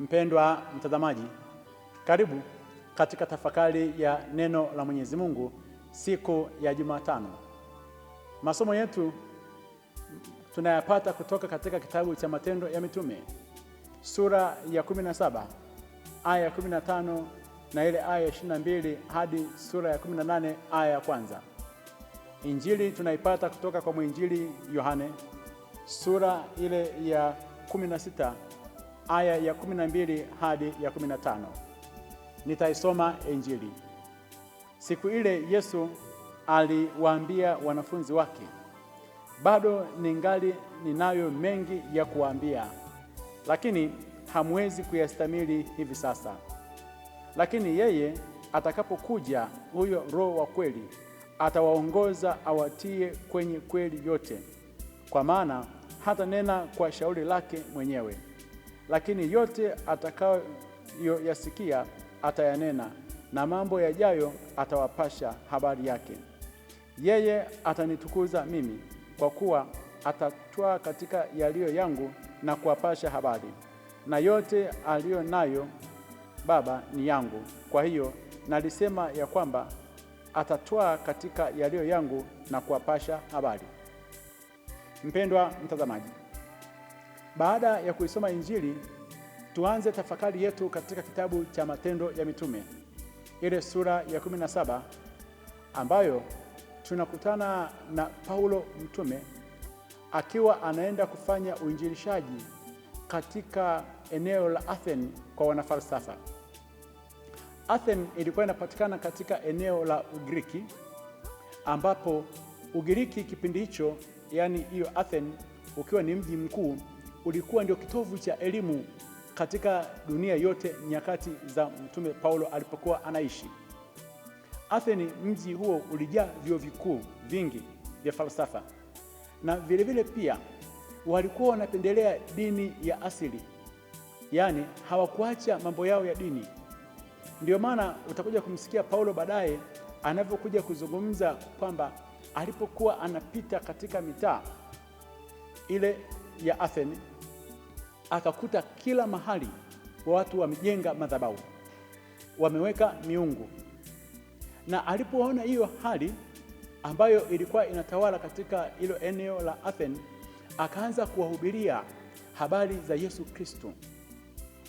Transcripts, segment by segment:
Mpendwa mtazamaji, karibu katika tafakari ya neno la Mwenyezi Mungu siku ya Jumatano. Masomo yetu tunayapata kutoka katika kitabu cha Matendo ya Mitume sura ya 17 aya ya 15 na ile aya ya 22 hadi sura ya 18 aya ya kwanza. Injili tunaipata kutoka kwa mwinjili Yohane sura ile ya 16 aya ya 12 hadi ya 15. Nitaisoma Injili. Siku ile Yesu aliwaambia wanafunzi wake, bado ningali ninayo mengi ya kuwaambia, lakini hamwezi kuyastamili hivi sasa. Lakini yeye atakapokuja, huyo Roho wa kweli, atawaongoza awatie kwenye kweli yote, kwa maana hata nena kwa shauri lake mwenyewe lakini yote atakayoyasikia atayanena, na mambo yajayo atawapasha habari yake. Yeye atanitukuza mimi, kwa kuwa atatwaa katika yaliyo yangu na kuwapasha habari. Na yote aliyo nayo Baba ni yangu. Kwa hiyo nalisema ya kwamba atatwaa katika yaliyo yangu na kuwapasha habari. Mpendwa mtazamaji, baada ya kuisoma Injili, tuanze tafakari yetu katika kitabu cha Matendo ya Mitume ile sura ya 17 ambayo tunakutana na Paulo mtume akiwa anaenda kufanya uinjilishaji katika eneo la athen kwa wanafalsafa. athen ilikuwa inapatikana katika eneo la Ugiriki ambapo Ugiriki kipindi hicho, yaani hiyo athen ukiwa ni mji mkuu ulikuwa ndio kitovu cha elimu katika dunia yote nyakati za Mtume Paulo alipokuwa anaishi. Atheni, mji huo ulijaa vyuo vikuu vingi vya falsafa na vilevile vile pia walikuwa wanapendelea dini ya asili, yaani hawakuacha mambo yao ya dini. Ndiyo maana utakuja kumsikia Paulo baadaye anavyokuja kuzungumza kwamba alipokuwa anapita katika mitaa ile ya Atheni akakuta kila mahali watu wamejenga madhabahu, wameweka miungu. Na alipoona hiyo hali ambayo ilikuwa inatawala katika hilo eneo la Athens, akaanza kuwahubiria habari za Yesu Kristo.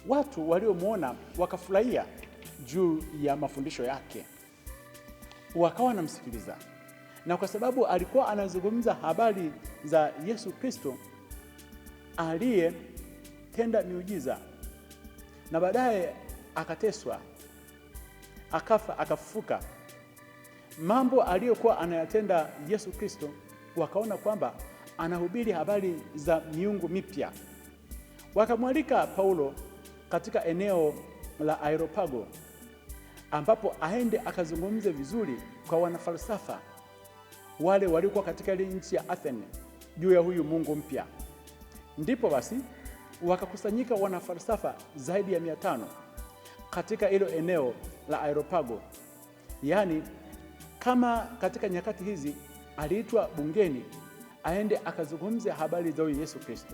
Watu waliomwona wakafurahia juu ya mafundisho yake, wakawa wanamsikiliza, na kwa sababu alikuwa anazungumza habari za Yesu Kristo aliye tenda miujiza, na baadaye akateswa, akafa, akafufuka. Mambo aliyokuwa anayatenda Yesu Kristo, wakaona kwamba anahubiri habari za miungu mipya. Wakamwalika Paulo katika eneo la Areopago ambapo aende akazungumze vizuri kwa wanafalsafa wale waliokuwa katika ile nchi ya Athene juu ya huyu Mungu mpya. Ndipo basi wakakusanyika wanafalsafa zaidi ya mia tano katika hilo eneo la Areopago. Yaani, kama katika nyakati hizi aliitwa bungeni aende akazungumza habari za Yesu Kristo.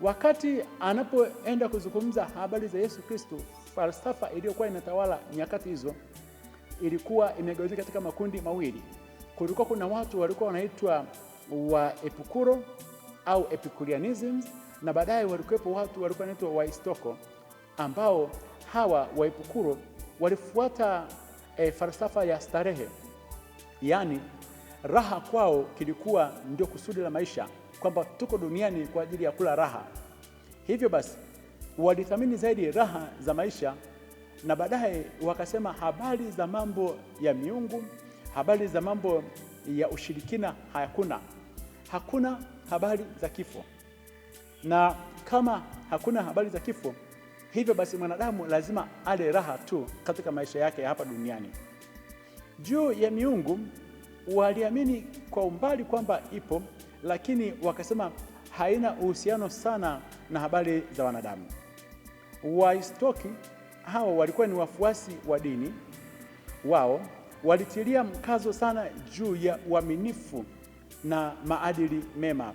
Wakati anapoenda kuzungumza habari za Yesu Kristo, falsafa iliyokuwa inatawala nyakati hizo ilikuwa imegawanyika katika makundi mawili. Kulikuwa kuna watu walikuwa wanaitwa wa Epikuro au Epikurianism, na baadaye walikuwepo watu walikuwa wanaitwa Waistoko ambao hawa Waepukuro walifuata e, falsafa ya starehe, yaani raha kwao kilikuwa ndio kusudi la maisha, kwamba tuko duniani kwa ajili ya kula raha. Hivyo basi walithamini zaidi raha za maisha, na baadaye wakasema habari za mambo ya miungu, habari za mambo ya ushirikina, hakuna hakuna habari za kifo na kama hakuna habari za kifo, hivyo basi mwanadamu lazima ale raha tu katika maisha yake ya hapa duniani. Juu ya miungu waliamini kwa umbali kwamba ipo, lakini wakasema haina uhusiano sana na habari za wanadamu. Waistoki hawa walikuwa ni wafuasi wa dini wao, walitilia mkazo sana juu ya uaminifu na maadili mema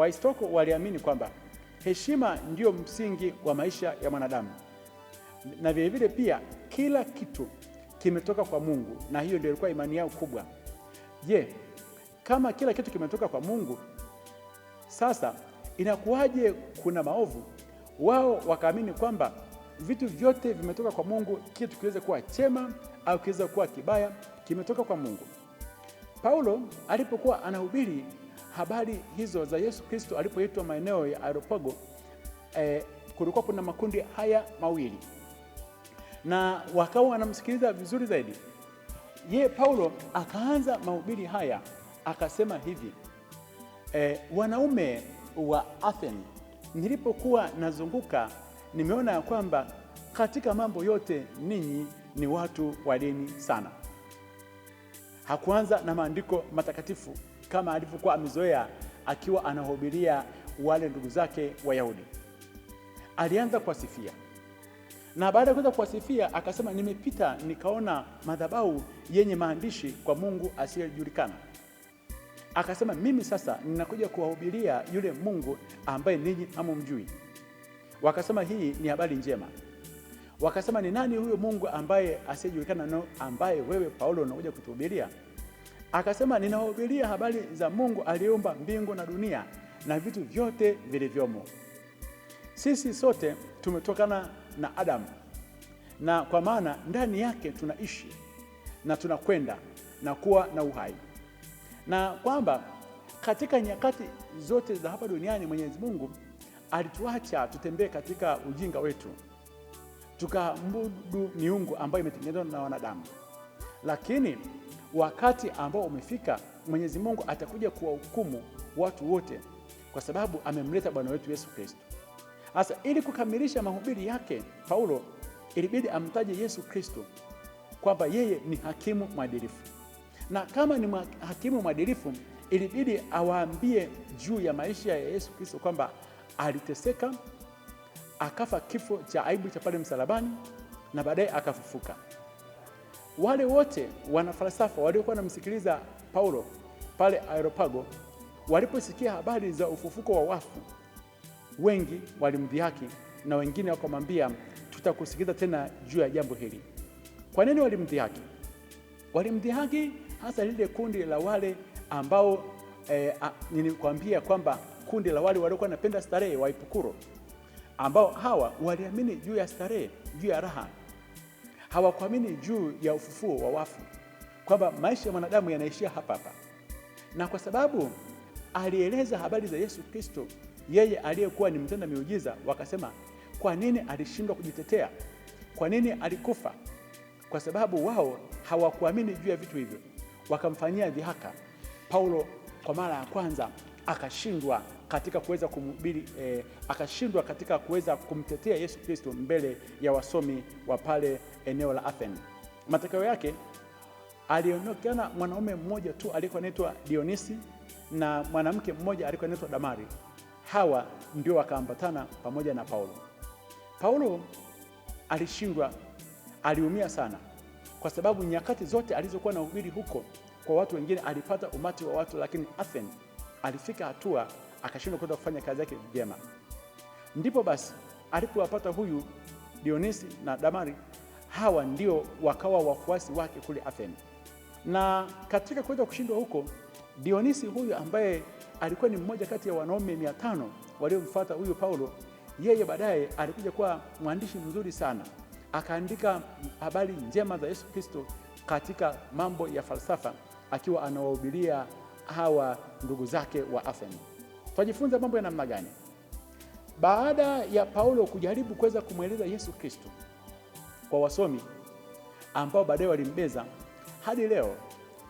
waistoko waliamini kwamba heshima ndiyo msingi wa maisha ya mwanadamu, na vilevile pia kila kitu kimetoka kwa Mungu, na hiyo ndio ilikuwa imani yao kubwa. Je, kama kila kitu kimetoka kwa Mungu, sasa inakuwaje kuna maovu? Wao wakaamini kwamba vitu vyote vimetoka kwa Mungu, kitu kiweze kuwa chema au kiweze kuwa kibaya, kimetoka kwa Mungu. Paulo alipokuwa anahubiri habari hizo za Yesu Kristo alipoitwa maeneo ya Areopago, eh, kulikuwa kuna makundi haya mawili na wakawa wanamsikiliza vizuri zaidi. Ye Paulo akaanza mahubiri haya akasema hivi e, wanaume wa Athens, nilipokuwa nazunguka nimeona ya kwamba katika mambo yote ninyi ni watu dini sana Hakuanza na maandiko matakatifu kama alivyokuwa amezoea akiwa anahubiria wale ndugu zake Wayahudi. Alianza kuwasifia na baada ya kuweza kuwasifia akasema, nimepita nikaona madhabahu yenye maandishi kwa Mungu asiyejulikana. Akasema, mimi sasa ninakuja kuwahubiria yule Mungu ambaye ninyi hamumjui. Wakasema, hii ni habari njema. Wakasema, ni nani huyo Mungu ambaye asiyejulikana nao ambaye wewe Paulo unakuja kutuhubiria? Akasema, ninahubiria habari za Mungu aliyeumba mbingu na dunia na vitu vyote vilivyomo. Sisi sote tumetokana na Adamu, na kwa maana ndani yake tunaishi na tunakwenda na kuwa na uhai, na kwamba katika nyakati zote za hapa duniani Mwenyezi Mungu alituacha tutembee katika ujinga wetu tukaabudu miungu ambayo imetengenezwa na wanadamu. Lakini wakati ambao umefika, Mwenyezi Mungu atakuja kuwahukumu watu wote, kwa sababu amemleta Bwana wetu Yesu Kristo. Sasa ili kukamilisha mahubiri yake, Paulo ilibidi amtaje Yesu Kristo kwamba yeye ni hakimu mwadilifu, na kama ni hakimu mwadilifu, ilibidi awaambie juu ya maisha ya Yesu Kristo kwamba aliteseka akafa kifo cha aibu cha pale msalabani na baadaye akafufuka. Wale wote wanafalsafa waliokuwa wanamsikiliza Paulo pale Areopago waliposikia habari za ufufuko wa wafu, wengi walimdhihaki na wengine wakamwambia, tutakusikiliza tena juu ya jambo hili. Kwa nini walimdhihaki? Walimdhihaki hasa lile kundi la wale ambao eh, nilikwambia kwamba kundi la wale waliokuwa wanapenda starehe, Waepikuro ambao hawa waliamini juu ya starehe, juu ya raha, hawakuamini juu ya ufufuo wa wafu, kwamba maisha ya mwanadamu yanaishia hapa hapa. Na kwa sababu alieleza habari za Yesu Kristo, yeye aliyekuwa ni mtenda miujiza, wakasema kwa nini alishindwa kujitetea? Kwa nini alikufa? Kwa sababu wao hawakuamini juu ya vitu hivyo, wakamfanyia dhihaka. Paulo kwa mara ya kwanza akashindwa katika kuweza kumhubiri e, akashindwa katika kuweza kumtetea Yesu Kristo mbele ya wasomi wa pale eneo la Athens. Matokeo yake alionekana mwanaume mmoja tu alikuwa anaitwa Dionisi na mwanamke mmoja alikuwa anaitwa Damari. Hawa ndio wakaambatana pamoja na Paulo. Paulo alishindwa, aliumia sana, kwa sababu nyakati zote alizokuwa na uhubiri huko kwa watu wengine alipata umati wa watu, lakini Athens alifika hatua akashindwa kwenda kufanya kazi yake vyema. Ndipo basi alipowapata huyu Dionisi na Damari, hawa ndio wakawa wafuasi wake kule Athens. Na katika kuweza kushindwa huko, Dionisi huyu ambaye alikuwa ni mmoja kati ya wanaume mia tano waliomfuata huyu Paulo, yeye baadaye alikuja kuwa mwandishi mzuri sana, akaandika habari njema za Yesu Kristo katika mambo ya falsafa, akiwa anawahubiria hawa ndugu zake wa Athens. Twajifunza mambo ya namna gani? Baada ya Paulo kujaribu kuweza kumweleza Yesu Kristo kwa wasomi ambao baadaye walimbeza, hadi leo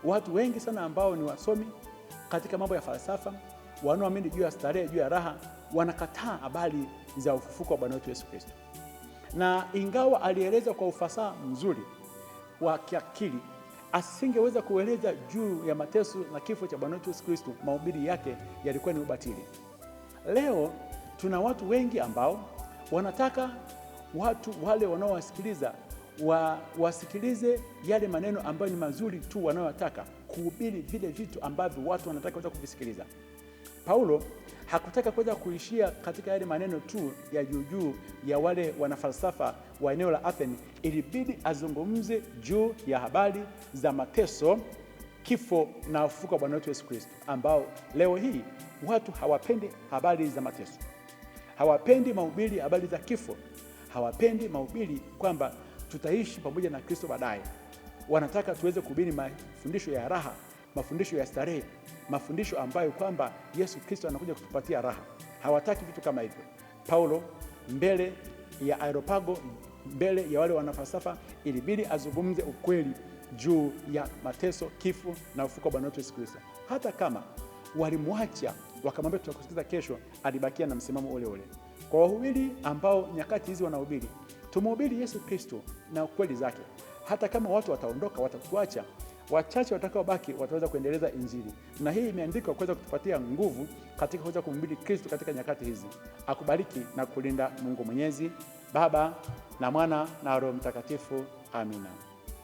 watu wengi sana ambao ni wasomi katika mambo ya falsafa, wanaoamini juu ya starehe, juu ya raha, wanakataa habari za ufufuko wa Bwana wetu Yesu Kristo, na ingawa alieleza kwa ufasaha mzuri wa kiakili asingeweza kueleza juu ya mateso na kifo cha Bwana wetu Yesu Kristo. Mahubiri yake yalikuwa ni ubatili. Leo tuna watu wengi ambao wanataka watu wale wanaowasikiliza wa, wasikilize yale maneno ambayo ni mazuri tu wanayotaka kuhubiri vile vitu ambavyo watu wanataka kuvisikiliza. Paulo hakutaka kuweza kuishia katika yale maneno tu ya juujuu ya wale wanafalsafa wa eneo la Athens. Ilibidi azungumze juu ya habari za mateso, kifo na ufufuko wa Bwana wetu Yesu Kristo, ambao leo hii watu hawapendi habari za mateso, hawapendi mahubiri habari za kifo, hawapendi mahubiri kwamba tutaishi pamoja na Kristo baadaye. Wanataka tuweze kuhubiri mafundisho ya raha mafundisho ya starehe, mafundisho ambayo kwamba Yesu Kristo anakuja kutupatia raha. Hawataki vitu kama hivyo. Paulo mbele ya Areopago, mbele ya wale wanafalsafa, ilibidi azungumze ukweli juu ya mateso, kifo na ufuko wa Bwana wetu Yesu Kristo. Hata kama walimwacha wakamwambia tutakusikiza kesho, alibakia na msimamo ule ule. Kwa wahubiri ambao nyakati hizi wanahubiri, tumhubiri Yesu Kristo na ukweli zake. Hata kama watu wataondoka, watatuacha wachache watakaobaki wataweza kuendeleza Injili, na hii imeandikwa kuweza kutupatia nguvu katika kuweza kumhubiri Kristo katika nyakati hizi. Akubariki na kulinda Mungu Mwenyezi, Baba na Mwana na Roho Mtakatifu. Amina.